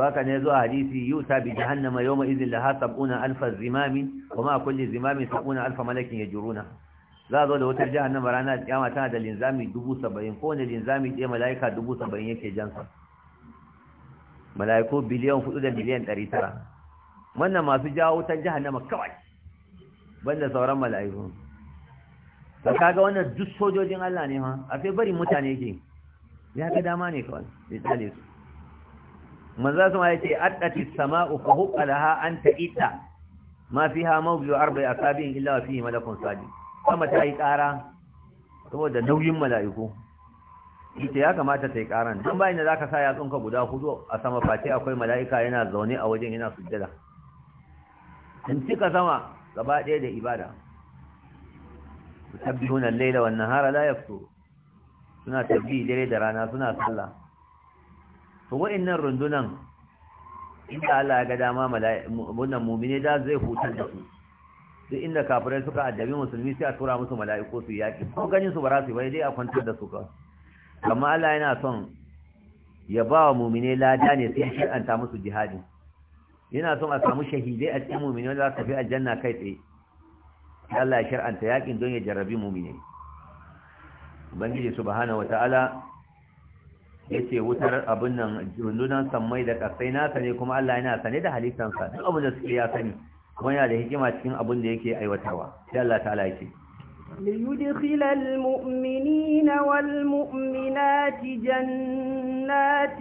haka ne a hadisi yuta bi jahannama yawma idhin laha sab'una alf zimami wa ma kulli zimamin sab'una malakin za zo da wutar jahannama ranar kiyama tana da linzami dubu saba'in ne linzami ɗaya malaika saba'in yake jansa malaiku biliyan 4 da biliyan tara. wannan masu jawo wutar jahannama kawai banda sauran malaiku to kaga wannan duk sojojin Allah ne ma a sai bari mutane yake ya ga dama ne kawai sai tsale su manzo sama yace addatis sama'u fa huqalaha an ta'ita ma fiha mawdu arba'i asabi'in illa fihi malakun sadi Kuma ta yi ƙara saboda nauyin mala'iku ita ya kamata ta yi ƙaran don bayan da zaka sa yatsunka guda hudu a sama face akwai mala'ika yana zaune a wajen yana sujjada in cika sama gaba ɗaya da ibada tabbihuna al-laila wan nahara la yaftur suna tabbihi dare da rana suna sallah to wa'annan rundunan inda Allah ya ga dama wannan mu'mini da zai hutar da su duk inda kafirai suka addabi musulmi sai a tura musu mala'iku su yaki ko ganin su ba za su bai dai a kwantar da su ka amma Allah yana son ya ba wa mu'mini lada ne sai shir'anta musu jihadi yana son a samu shahidai a cikin mu'mini wanda za su tafi aljanna kai tsaye Allah ya shir'anta yaƙin don ya jarrabi mu'mini ubangiji subhanahu ta'ala yace wutar abin nan rundunan sammai da kasai na sane kuma Allah yana sane da halittansa duk abin da suke ya sani kuma yana da hikima cikin abin da yake aiwatarwa sai Allah ta'ala yake ليدخل المؤمنين والمؤمنات جنات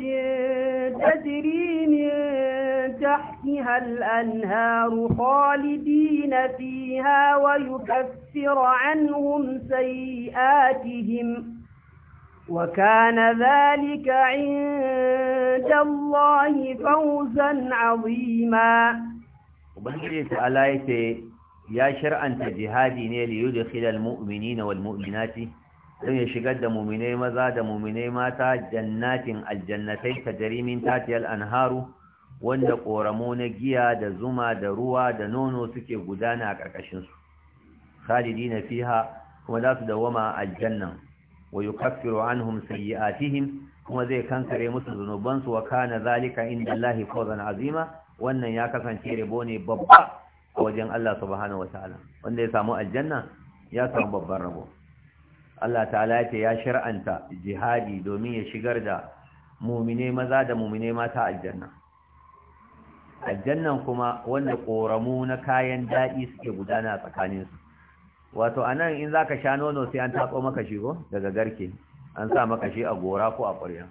تجري من تحتها الأنهار خالدين فيها ويكفر عنهم سيئاتهم وكان ذلك عند الله فوزا عظيما وبنجي تعالى يا شرعا تجهادي ne li yudkhil al mu'minina wal mu'minati dan ya shigar da mu'minai maza da mu'minai mata jannatin aljannatai tajri min tahtiha anharu wanda koramo na giya da zuma da ruwa da nono suke gudana a karkashin su khalidina kuma za su dawama aljanna wa yukaffiru anhum sayyi'atihim kuma zai kankare musu zunubansu wa kana zalika inda Allahi fawzan azima wannan ya kasance rabo ne babba a wajen Allah subhanahu wataala wanda ya samu aljanna ya samu babban rabo Allah ta'ala ya ce ya shar'anta jihadi domin ya shigar da mumine maza da mumine mata aljanna aljannan kuma wanda koramu na kayan daɗi suke gudana tsakaninsu wato anan in za ka sha nono sai an taɓo maka shi ko daga garke an sa maka shi a gora ko a ƙwarya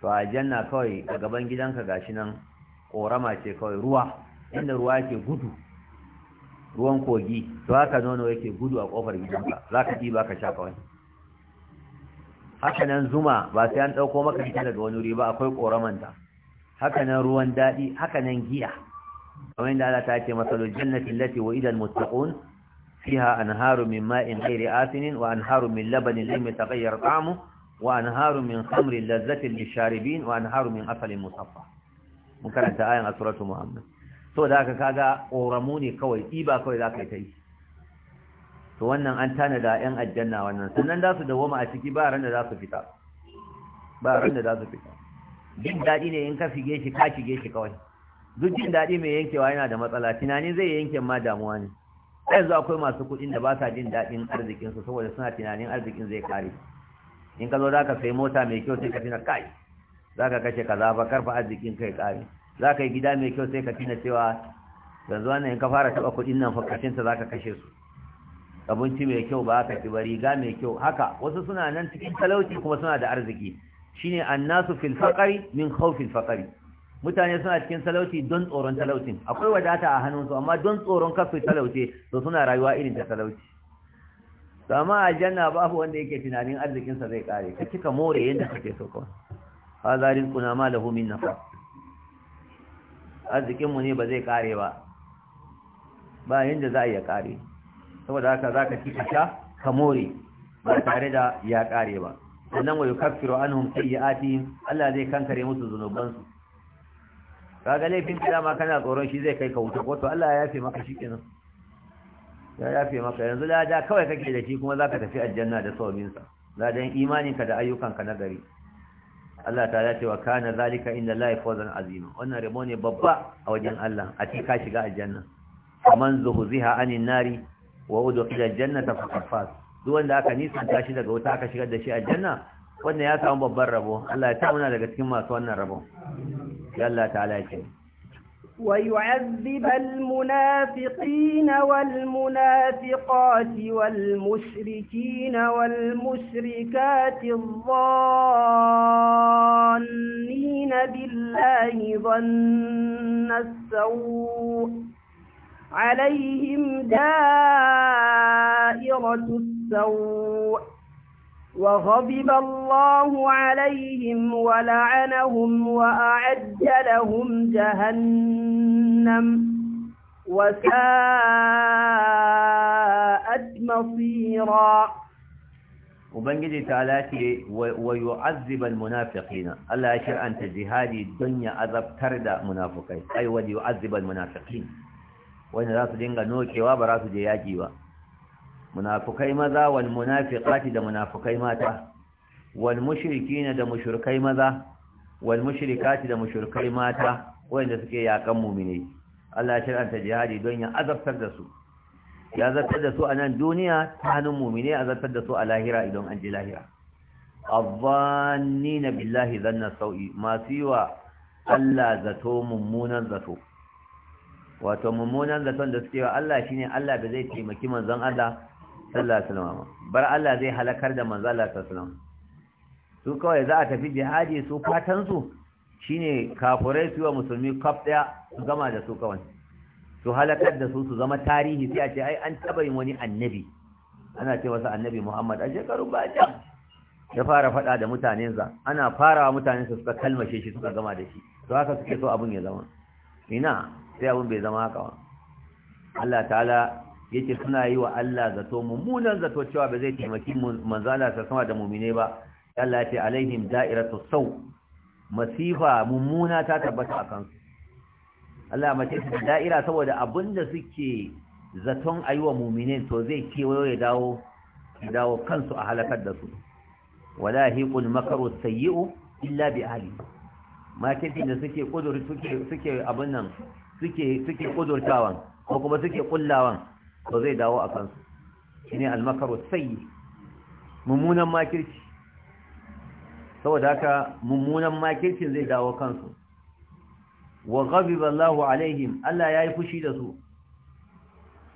to a janna kawai a gaban gidanka shi nan ƙorama ce kawai ruwa inda ruwa yake gudu ruwan kogi to haka nono yake gudu a ƙofar gidanka za ka ba ka sha kawai haka nan zuma ba sai an ɗauko maka shi daga wani wuri ba akwai ƙoramanta haka nan ruwan daɗi haka nan giya kamar yadda Allah ta ce masalul jannatin lati wa al-muttaqun فيها أنهار من ماء غير آثن وأنهار من لبن لم يتغير طعمه وأنهار من خمر لذة للشاربين وأنهار من أصل مصفى مكرنت آية سورة محمد so da aka kaga ƙoramu ne kawai ɗiba kawai za ka yi to wannan an tana da 'yan aljanna wannan sannan za su dawoma a ciki ba ran da za su fita jin daɗi ne in ka shige shi kawai duk jin daɗi mai yankewa yana da matsala tunanin zai yanke ma damuwa ne yanzu akwai masu kuɗin da ba sa jin daɗin arzikinsu saboda suna tunanin arzikin zai kare in ka zo za ka sai mota mai kyau sai ka tina kai za ka kashe kaza ba karfa arzikin kai kare za ka yi gida mai kyau sai ka tina cewa yanzu wannan in ka fara taɓa kuɗin nan fakashinta za ka kashe su abinci mai kyau ba ka ci ba riga mai kyau haka wasu suna nan cikin talauci kuma suna da arziki shine annasu fil faqari min khawfil faqari mutane suna cikin talauci don tsoron talautin. akwai wadata a hannunsu amma don tsoron kafin talauci to suna rayuwa irin ta talauci amma ba babu wanda yake tunanin arzikinsa zai kare ka kika more yadda kake so kawai hadha kuna ma lahu min nafa arzikin mu ne ba zai kare ba ba yanda za a iya kare saboda haka zaka ci ka ka more ba tare da ya kare ba sannan wa yukaffiru anhum sayyi'atihim Allah zai kankare musu zunubansu kaga laifin ka dama kana tsoron shi zai kai ka wuta ko to Allah ya yafe maka shikenan ya yafe maka yanzu da kawai kake da shi kuma zaka tafi aljanna da sawabin sa imanin ka da ayyukan ka na gari Allah ta ce wa kana zalika inda la yafuzan azima wannan rabo ne babba a wajen Allah a ce ka shiga aljanna kaman zuhziha anin nari wa udkhila aljannata faqad faz duk wanda aka nisanta shi daga wuta aka shigar da shi aljanna wannan ya samu babban rabo Allah ya tauna muna daga cikin masu wannan rabon يلا تعالى ويعذب المنافقين والمنافقات والمشركين والمشركات الظانين بالله ظن السوء عليهم دائرة السوء وغضب الله عليهم ولعنهم وأعد لهم جهنم وساءت مصيرا وبنجد تعالى ويعذب المنافقين الله يشاء أنت جهادي الدنيا أذب ترد منافقين أي ويعذب المنافقين وإن راسو دينغا نوكي وابا راسو وابا munafukai maza wal munafiqati da munafukai mata wal mushrikina da mushrikai maza wal mushrikati da mushrikai mata wanda suke yakan mu'mini Allah ya shar'anta jihadi don ya azabtar da su ya azabtar da su a nan duniya ta hannun mu'mini ya azabtar da su a lahira idan an ji lahira azzannina billahi zanna sau'i masu yi wa Allah zato mummunan zato wato mummunan zaton da suke wa Allah shine Allah da zai taimaki manzon Allah sallallahu alaihi wasallam bar Allah zai halakar da manzo Allah sallallahu alaihi wasallam su kawai za a tafi jihadi su fatan su shine kafurai su wa musulmi kaf daya su gama da su kawai su halakar da su su zama tarihi sai a ce ai an taba yin wani annabi ana ce wasu annabi Muhammad a shekaru ba ya fara fada da mutanensa ana farawa mutanensa suka kalmashe shi suka gama da shi to haka suke so abun ya zama ina sai abun bai zama haka ba Allah ta'ala yace suna yi wa Allah zato mummunan zato cewa ba zai taimaki manzala ta sama da mumine ba Allah ya ce alaihim da'iratu sau masifa mummuna ta tabbata akan su Allah ya mace da'ira saboda abinda suke zaton yiwa mumine to zai kewayo ya dawo ya dawo kansu a halakar da su wala hiqul makru sayyi'u illa bi ahli makitin da suke kudur suke suke abin nan suke suke kudurtawan ko kuma suke kullawan ba zai dawo a kansu ne almakaru sai mummunan makirci saboda haka mummunan makircin zai dawo kansu wa ghadiba Allahu alaihim Allah ya yi fushi da su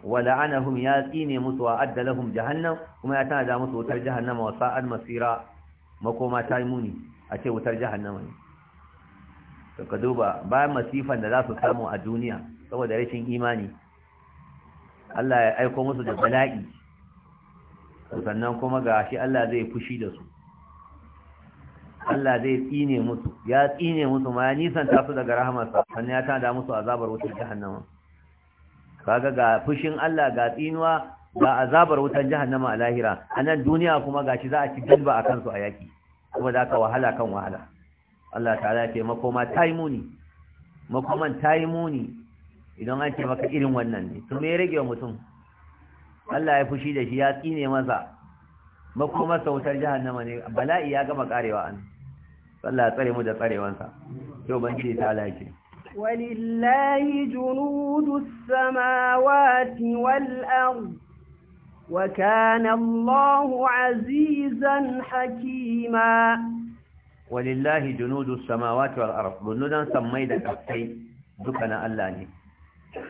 wa la'anahum ya tsine musu wa adda lahum jahannam kuma ya tana da musu wutar jahannama wa sa'ad masira makoma ta muni a ce wutar jahannama ne ka duba bayan masifan da za su samu a duniya saboda rashin imani Allah ya aiko musu da bala'i sannan kuma ga shi Allah zai fushi da su Allah zai tsine musu ya tsine musu ma ya nisanta su daga rahamarsa sannan ya tada musu azabar wutar jahannama kaga ga fushin Allah ga tsinuwa ga azabar wutar jahannama a lahira a nan duniya kuma ga shi za a ci dalba a kansu a yaki kuma da aka wahala kan wahala Allah Ta ya ce makoma ta yi muni makoman ta yi muni idan an ce maka irin wannan ne Su me ya rage wa mutum Allah ya fushi da shi ya tsine masa makoma sautar jahannama ne bala'i ya gama karewa an Allah ya tsare mu da tsarewansa yau ban ce ta lalace walillahi junudu samawati wal ard wa kana azizan hakima walillahi junudus samawati wal ard bunnudan samai da kafai duka na Allah ne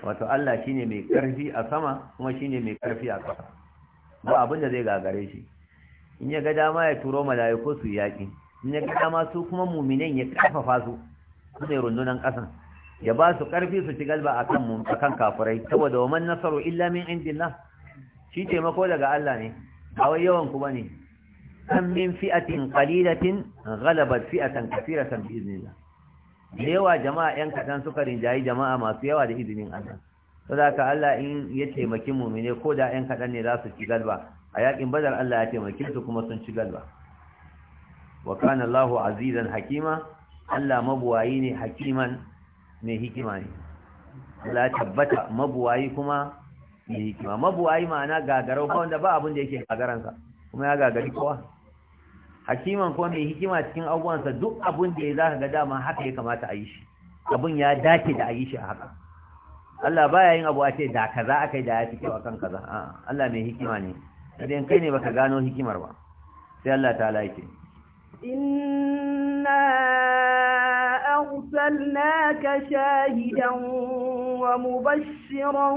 wato Allah shi ne mai ƙarfi a sama kuma shi ne mai ƙarfi a ƙasa ba abin da zai gagare shi in ya ga dama ya turo malaiku su yaki in ya ga dama su kuma mu'minan ya ƙarfafa su su ne rundunan ƙasan ya ba su ƙarfi su ci galba a kan mun akan kafirai saboda waman nasaru illa min indillah shi taimako daga Allah ne ba wai yawan ku bane kan min fi'atin qalilatin ghalabat fi'atan kathiratan bi da yawa jama'a yan kaɗan suka rinjayi jama'a masu yawa da izinin Allah saboda Allah in ya taimaki mu'mine ko da yan kaɗan ne za su ci galba a yakin badar Allah ya taimake su kuma sun ci galba wa kana Allahu azizan hakima Allah mabuwayi ne hakiman mai hikima ne Allah tabbata mabuwayi kuma mai hikima mabuwayi ma'ana gagarau ba wanda ba abin da yake gagaransa kuma ya gagari kowa hakiman kuma mai hikima cikin abubuwansa duk abun da ya za ka ga dama haka ya kamata a yi shi abun ya dace da a yi shi a haka Allah baya yin abu a ce da kaza aka yi da ya fi kyau akan kaza Allah mai hikima ne idan kai ne baka gano hikimar ba sai Allah ta yake inna أرسلناك شاهدا ومبشرا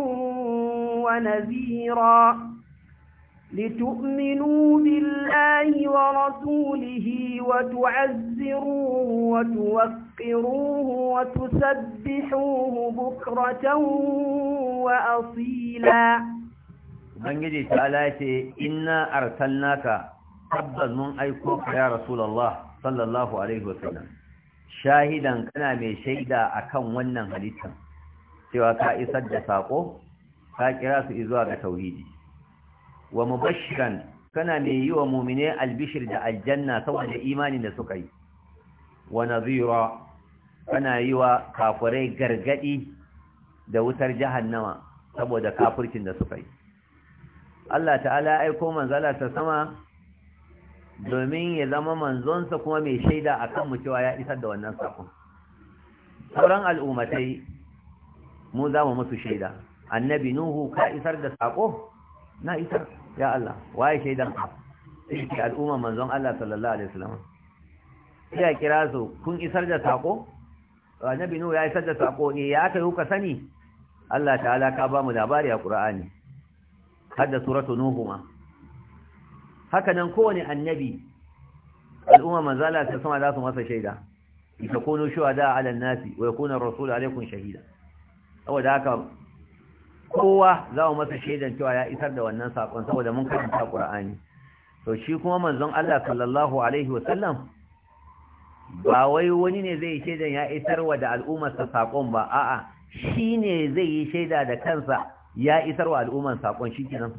ونذيرا لتؤمنوا بالله ورسوله وتعزروه وتوقروه وتسبحوه بكرة وأصيلا بنجي تعالى إنا أرسلناك tabbas mun aiko ka ya Rasulullah sallallahu alaihi wasallam shahidan kana mai shaida kan wannan halittar. cewa ka isar da saƙo, ka kira su zuwa ga tauhidi wa mubashiran kana mai yi wa mumine albishir da aljanna saboda imanin da suka yi wa nazira kana yi wa kafirai gargadi da wutar jahannama saboda kafurkin da suka yi Allah ta'ala aiko manzala ta sama domin ya zama manzonsa kuma mai shaida a kanmu cewa ya isar da wannan sakon sauran al'ummatai mu za mu musu shaida annabi nuhu ka isar da sako na isar ya Allah waye shaidan ka shi al'umma manzon Allah sallallahu alaihi wasallam ya kira su kun isar da sako annabi nu ya isar da sako ne eh, ya kai ku sani Allah ta'ala ka ba mu labari a Qur'ani hadda suratu nuhu ma haka nan kowane annabi al'umma manzon Allah sallallahu alaihi wasallam za su masa shaida takunu shuhada ala an-nasi wa yakuna ar-rasulu alaikum shahida saboda haka kowa za mu masa shaidan cewa ya isar da wannan sakon saboda mun karanta Qur'ani to shi kuma manzon Allah sallallahu alaihi wasallam ba wai wani ne zai shaidan ya isarwa da al'ummar sa sakon ba a'a shi ne zai yi shaida da kansa ya isarwa al'ummar sakon shikenan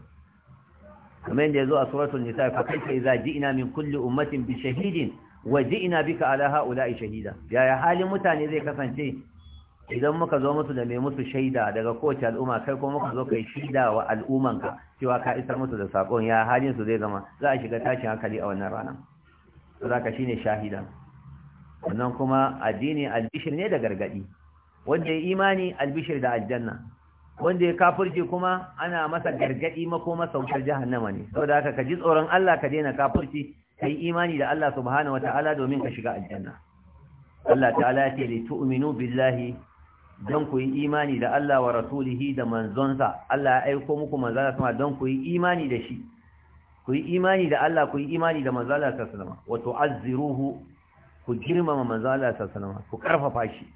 kamar yadda zo a suratul nisa fa kaifa idza ji'na min kulli ummatin bi shahidin wa ji'na bika ala ha'ula'i shahida yaya halin mutane zai kasance idan muka zo musu da mai musu shaida daga kowace al'umma kai kuma muka zo kai shaida wa al'ummanka cewa ka isar musu da sakon ya halin su zai zama za a shiga tashin hankali a wannan ranar zaka shine shahida wannan kuma addini albishir ne da gargadi wanda ya imani albishir da aljanna wanda ya kafurci, kuma ana masa gargadi makoma sautar jahannama ne saboda haka ka ji tsoron Allah ka daina kafirci kai imani da Allah subhanahu wataala domin ka shiga aljanna Allah ta'ala ya ce li tu'minu billahi don ku yi imani da Allah wa rasulihi da manzonsa Allah ya aiko muku manzala sama don ku yi imani da shi ku yi imani da Allah ku yi imani da manzala sallama wa tu'azziruhu ku girmama manzala sallama ku karfafa shi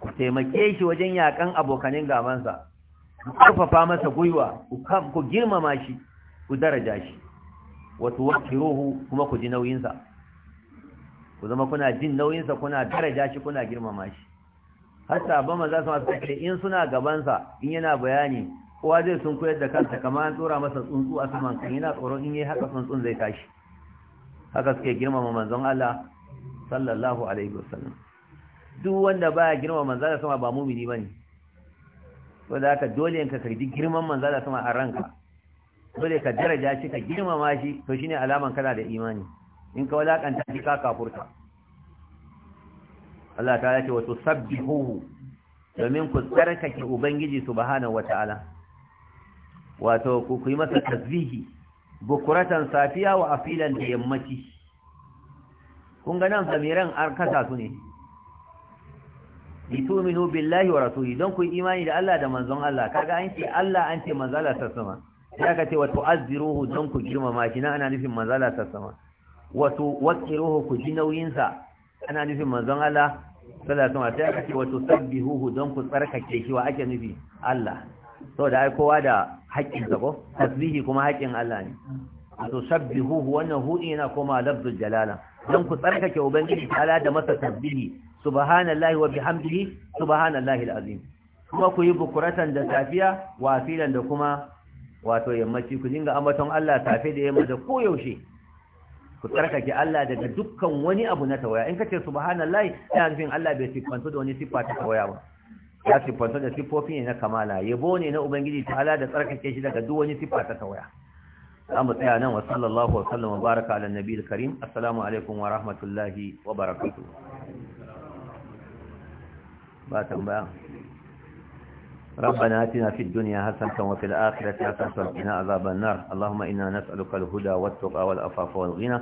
ku taimake shi wajen yakan abokanin gabansa ku karfafa masa gwiwa ku girmama shi ku daraja shi wa tuwaqqiruhu kuma ku ji nauyinsa ku zama kuna jin nauyinsa kuna daraja shi kuna girmama shi har sabon maza su masu ce in suna gabansa in yana bayani kowa zai sun koyar da kansa kamar an tsora masa tsuntsu a saman kan yana tsoron in yi haka tsuntsun zai tashi haka suke girmama manzon Allah sallallahu alaihi wasallam duk wanda baya girmama manzon Allah sama ba mumini bane to da haka dole in ka karbi girman manzon Allah sama a ranka dole ka daraja shi ka girmama shi to shine alaman kana da imani in ka walakanta shi ka kafurta Allah ta yake wa tusabbihuhu domin ku tsarkake ubangiji subhanahu wataala wato ku yi masa tasbihi bukuratan safiya wa afilan da yammaci kun ga nan zamiran an kasa su ne lituminu billahi wa rasuli don ku imani da Allah da manzon Allah kaga an ce Allah an ce manzala ta sama sai aka ce wa tu'azziruhu don ku girmama shi nan ana nufin manzala ta sama wato tuwaqqiruhu ku ji nauyinsa. sa ana nufin manzon Allah sallallahu alaihi wasallam sai wato sabbihuhu don ku tsarkake shi wa ake nufi Allah saboda ai kowa da haƙƙin sa ko tasbihi kuma haƙƙin Allah ne wato sabbihuhu wannan hu yana koma lafzul jalala don ku tsarkake ubangiji ta'ala da masa tasbihi subhanallahi wa bihamdihi subhanallahi alazim kuma ku yi bukuratan da safiya wa filan da kuma wato yammaci ku dinga ambaton Allah safe da yamma da koyaushe ku tsarkake Allah daga dukkan wani abu na tawaya in kace subhanallahi ina nufin Allah bai siffantu da wani siffa ta tawaya ba ya siffantu da siffofi ne na kamala yabo ne na ubangiji ta ta'ala da tsarkake shi daga duk wani siffa ta tawaya Za mu tsaya nan wa sallallahu wa sallama baraka ala nabiyil karim assalamu alaikum wa rahmatullahi wa barakatuh ba tambaya ربنا آتنا في الدنيا حسنة وفي الآخرة حسنة وقنا عذاب النار اللهم إنا نسألك الهدى والتقى والعفاف والغنى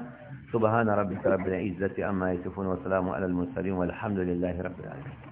سبحان ربك رب العزة عما يصفون وسلام على المرسلين والحمد لله رب العالمين